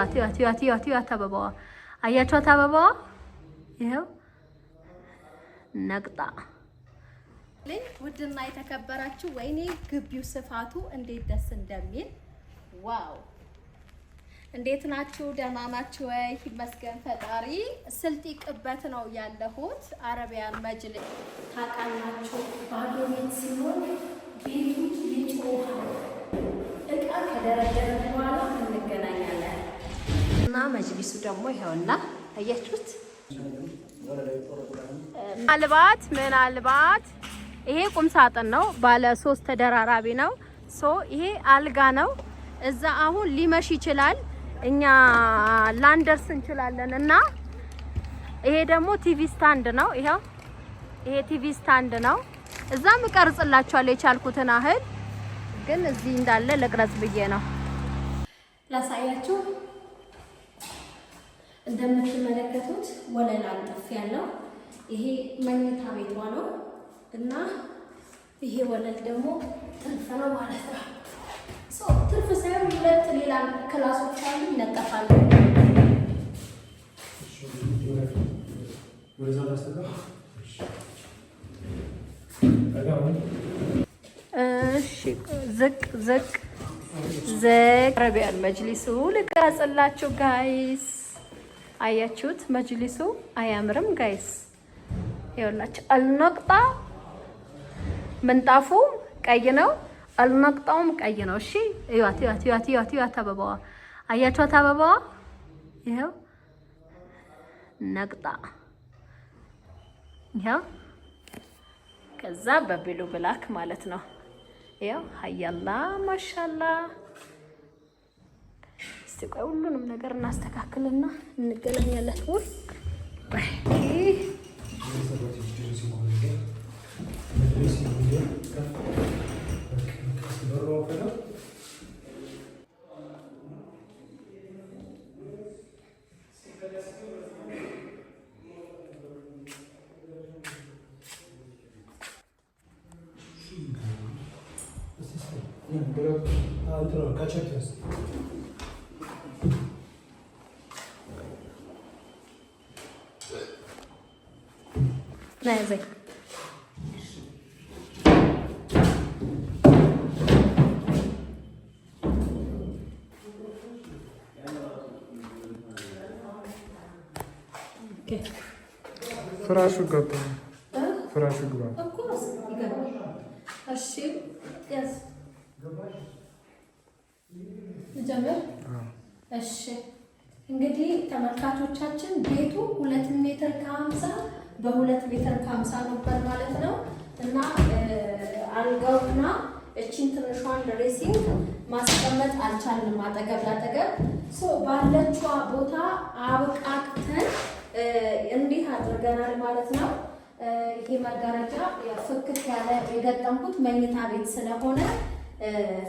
ዋት አበባዋ አያችኋት? አበባዋ ይኸው ነቅጣ። ውድና የተከበራችሁ ወይኔ ግቢው ስፋቱ እንዴት ደስ እንደሚል ዋው! እንዴት ናችሁ? ደህና ናችሁ ወይ? ይመስገን ፈጣሪ። ስልጤ ቅበት ነው ያለሁት። አረቢያን መጅልስ ታውቃላችሁ። ባዶ ቤት ሲሆን ቤቱ ይጮሃል። እቃ ከደረደረ በኋላ እንገናኛለን። እና መጅሊሱ ደግሞ ይሄውና አያችሁት። ምናልባት ምናልባት ይሄ ቁም ሳጥን ነው፣ ባለ ሶስት ተደራራቢ ነው። ሶ ይሄ አልጋ ነው። እዛ አሁን ሊመሽ ይችላል፣ እኛ ላንደርስ እንችላለን። እና ይሄ ደግሞ ቲቪ ስታንድ ነው። ይሄው ይሄ ቲቪ ስታንድ ነው። እዛም እቀርጽላችኋለሁ የቻልኩትን አህል ግን እዚህ እንዳለ ለቅረጽ ብዬ ነው ላሳያችሁ። እንደምትመለከቱት ወለል አንጠፍ ያለው ይሄ መኝታ ቤቷ ነው እና ይሄ ወለል ደግሞ ትርፍ ነው ማለት ነው። ትርፍ ሳይሆን ሁለት ሌላ ክላሶች አሉ ይነጠፋሉ። ዝቅ ዝቅ ዝቅ ረቢያን መጅሊሱ ልቀርጽላችሁ ጋይስ አያችሁት? መጅሊሱ አያምርም ጋይስ? ይኸውላችሁ አልነቅጣ ምንጣፉ ቀይ ነው። አልነቅጣውም ቀይ ነው። እሺ እዩት፣ እዩት፣ እዩት፣ እዩት፣ እዩት። አበባዋ አያችኋት? አበባዋ ይኸው ነቅጣ ይኸው ከዛ በብሉ ብላክ ማለት ነው። ያው ሀያላ ማሻላ እስቲ ቆይ ሁሉንም ነገር እናስተካክልና እንገናኛለን። ውይ Thank you. На, язик. ፍራሹ ገባ። ፍራሹ ግባ። እሺ፣ እንግዲህ ተመልካቾቻችን ቤቱ ሁለት ሜትር ከሀምሳ በሁለት ሜትር ከሀምሳ ነበር ማለት ነው። እና አልጋውና እችን ትንሿን ድሬሲንግ ማስቀመጥ አልቻልንም አጠገብ ላጠገብ ባለችዋ ቦታ አብቃቅተን እንዲህ አድርገናል ማለት ነው። ይሄ መጋረጃ ፍክት ያለ የገጠምኩት መኝታ ቤት ስለሆነ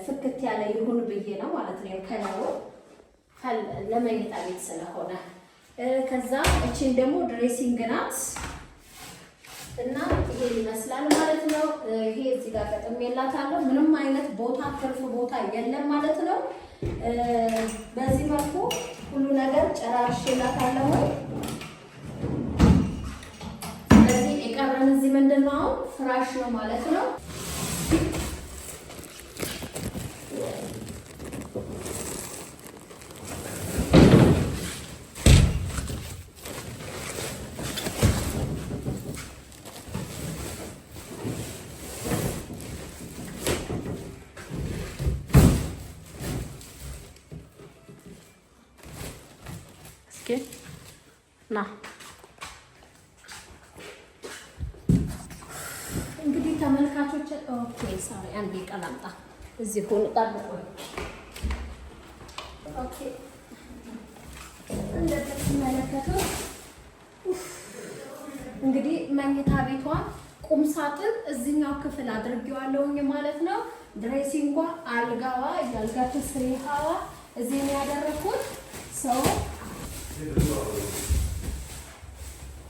ፍክት ያለ ይሁን ብዬ ነው ማለት ነው። ከለሮ ለመኝታ ቤት ስለሆነ ከዛ እችን ደግሞ ድሬሲንግ ናት። እና ይሄ ይመስላል ማለት ነው። ይሄ እዚህ ጋር ገጥሜላታለሁ። ምንም አይነት ቦታ ትርፍ ቦታ የለም ማለት ነው። በዚህ መልኩ ሁሉ ነገር ጨራርሼላታለሁ። ስለዚህ የቀረን እዚህ ምንድን ነው? አሁን ፍራሽ ነው ማለት ነው። আজকে না እንግዲህ ተመልካቾች ኦኬ ሳሪ አንዴ ቀላምጣ እዚህ ሆኖ ጠብቆ ኦኬ እንደምትመለከቱት እንግዲህ መኝታ ቤቷ ቁም ሳጥን እዚህኛው ክፍል አድርጌዋለሁኝ ማለት ነው። ድሬሲንጓ፣ አልጋዋ፣ የአልጋ ስሪሃዋ እዚህ ነው ያደረኩት ሰው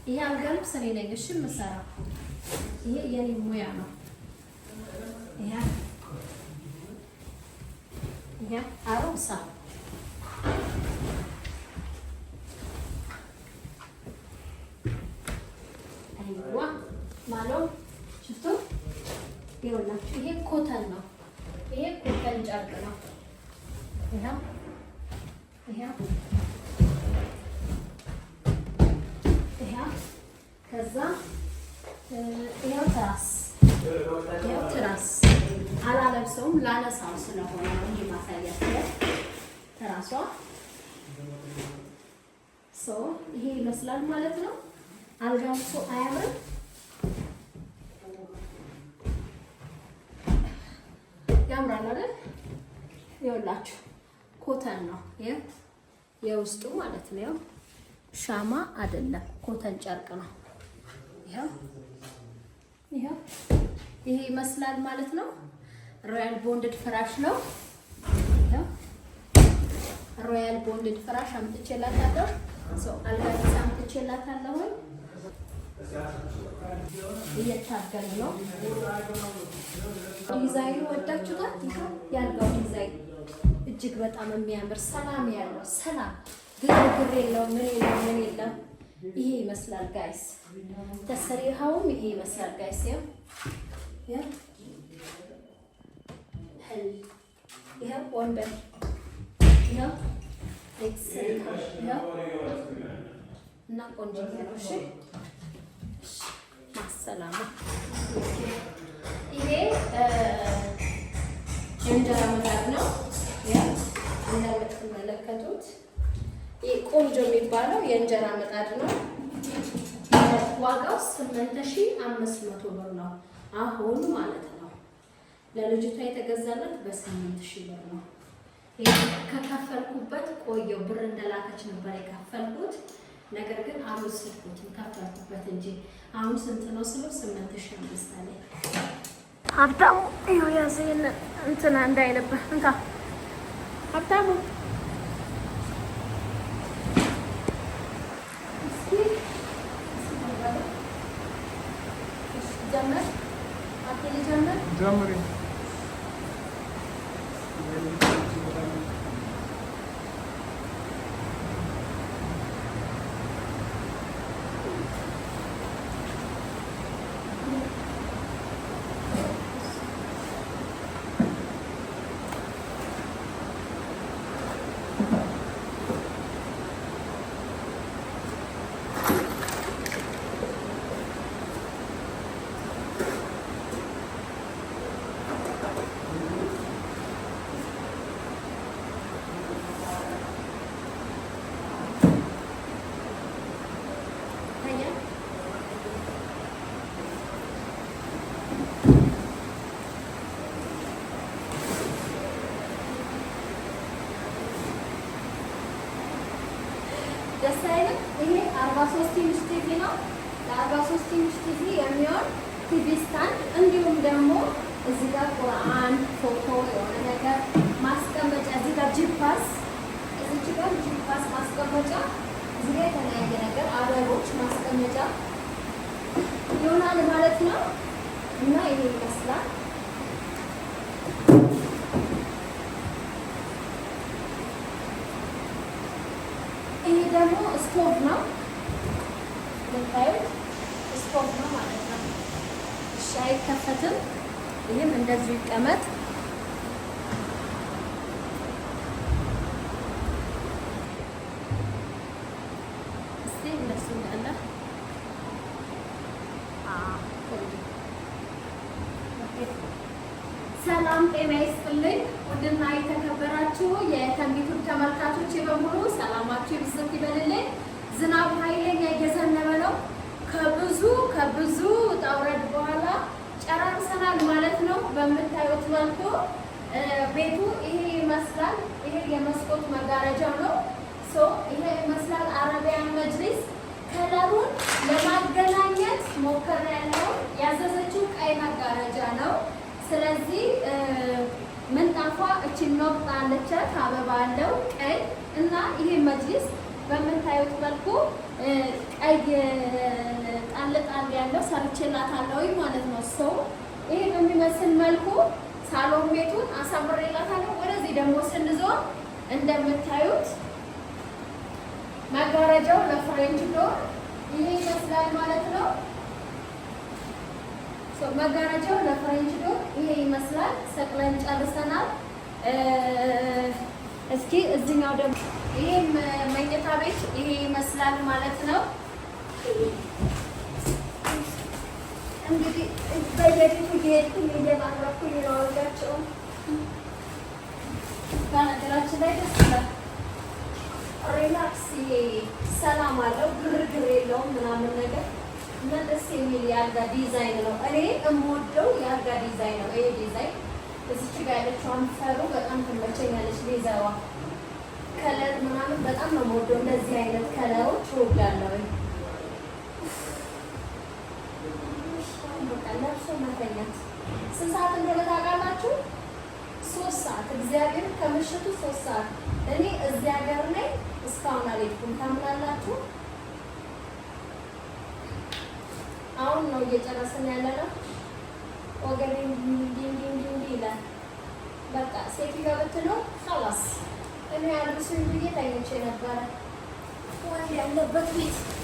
ይሄ አልጋም ስኔ ነኝ። እሺ የምሰራው ይሄ የኔ ሙያ ነው። ይሄ አሮሳ አይዋ ማለው ሽፍቶ ይኸውላችሁ፣ ይሄ ኮተን ነው። ይሄ ኮተን ጨርቅ ነው። ይሄ ይኸው ትራስ ይኸው ትራስ አላለብሰውም፣ ላነሳው ስለሆነ ይሄ ማሳያት ትራሷ ይሄ ይመስላል ማለት ነው። አልጋው አያምርም? ያምራል አይደል? ይኸውላችሁ ኮተን ነው የውስጡ ማለት ነው። ሻማ አይደለም ኮተን ጨርቅ ነው። ይሄ ይመስላል ማለት ነው። ሮያል ቦንድድ ፍራሽ ነው። ሮያል ቦንድድ ፍራሽ አምጥቼላታለሁ። ሰው አልጋዲስ አምጥቼላታለሁ። እየታገለ ነው። ዲዛይኑ ወዳችሁታል። ያልጋው ዲዛይን እጅግ በጣም የሚያምር ሰላም ያለው ሰላም ግርግር የለው ምን የለው ምን የለም ይሄ ይመስላል ጋይስ። ተሰሪሃውም ይሄ ይመስላል ጋይስ። ያው ይኸው ወንበር እና ቆንጆ ማሰላማ ይሄ እንጀራ መጋገር ነው። ቆንጆ የሚባለው የእንጀራ ምጣድ ነው። ዋጋው 8500 ብር ነው አሁን ማለት ነው። ለልጅቷ የተገዛለት በ8000 ብር ነው። ከከፈልኩበት ቆየው ብር እንደላከች ነበር የከፈልኩት። ነገር ግን አልወሰድኩትም ከፈልኩበት እንጂ አሁን ስንት ነው ስለው ስምንት ሺህ አምስት አለኝ። ሀብታሙ ያዘ እንትና እንዳይነበር እንካ ሀብታሙ Amen. ለአርባ ሶስት ኢንች ቲቪ ነው። ለአርባ ሶስት ቲቪ የሚሆን ቲቪ ስታንድ እንዲሁም ደግሞ እዚህ ጋር ቁርአን ፎቶ የሆነ ነገር ማስቀመጫ እዚህ ጋር ጂፓስ እዚህ ጋር ጂፓስ ማስቀመጫ እዚህ ጋር የተለያየ ነገር አበቦች ማስቀመጫ ይሆናል ማለት ነው። እና ይሄ ይመስላል። ይሄ ደግሞ ስቶቭ ነው። ፎርም ነው ማለት ነው። እሺ አይከፈትም። ይህም እንደዚሁ ይቀመጥ። እስቲ እንደሱ እንዳለ ሰላም ጤና ይስጥልኝ። ውድና የተከበራችሁ የተንቢቱ ተመልካቾች በሙሉ ሰላማችሁ ይብዛት ይበልልኝ። ዝናብ ኃይለኛ እየዘነበ ነው። ከብዙ ከብዙ ውጣ ውረድ በኋላ ጨራርሰናል ማለት ነው። በምታዩት መልኩ ቤቱ ይሄ ይመስላል። ይሄ የመስኮት መጋረጃ ነው። ሶ ይሄ ይመስላል አረቢያን መጅሊስ። ከለሩን ለማገናኘት ሞከር ያለው ያዘዘችው ቀይ መጋረጃ ነው። ስለዚህ ምንጣፏ እችን ነው አለቻት፣ አበባ አለው ቀይ እና ይሄ መጅሊስ በምታዩት መልኩ ቀይ ጣል ጣል ያለው ሰርቼላታለሁ ማለት ነው። ሰው ይሄ በሚመስል መልኩ ሳሎን ቤቱን አሳምሬላታለሁ። ወደዚህ ደግሞ ስንዞር እንደምታዩት መጋረጃው ለፍሬንች ዶር ይሄ ይመስላል ማለት ነው። መጋረጃው ለፍሬንች ዶር ይሄ ይመስላል። ሰቅለን ጨርሰናል። እስኪ እዚህኛው ደግሞ ይሄም መኝታ ይመስላል ማለት ነው። እንግዲህ በየቤቱ እየሄድኩኝ እየባረኩኝ ነው አልጋቸው። በነገራችን ላይ ደስ ይላል። ሪላክስ ሰላም አለው፣ ግርግር የለውም ምናምን ነገር እና ደስ የሚል የአልጋ ዲዛይን ነው። እኔ የምወደው የአልጋ ዲዛይን ነው ይሄ ዲዛይን። እዚች ጋ ያለችው አንፈሩ በጣም ትመቸኛለች ሌዘሯ ከለር ምናምን በጣም ነው የምወደው። እንደዚህ አይነት ከለሮች እወዳለሁ። ለብሶ መተኛት ስንት ሰዓት እንደሆነ ታውቃላችሁ? ሶስት ሰዓት እግዚአብሔር ከምሽቱ ሶስት ሰዓት እኔ እዚህ ሀገር ላይ እስካሁን አልሄድኩም። ታምናላችሁ? አሁን ነው እየጨረስን ያለ ነው። ወገቤ እንዲህ እንዲህ እንዲህ ይላል። በቃ ሴትዮዋ ብትለው ኸላስ અને આ રસોઈ જોઈએ લાવીએ છીએ એના દ્વારા ફોન અંદર બધું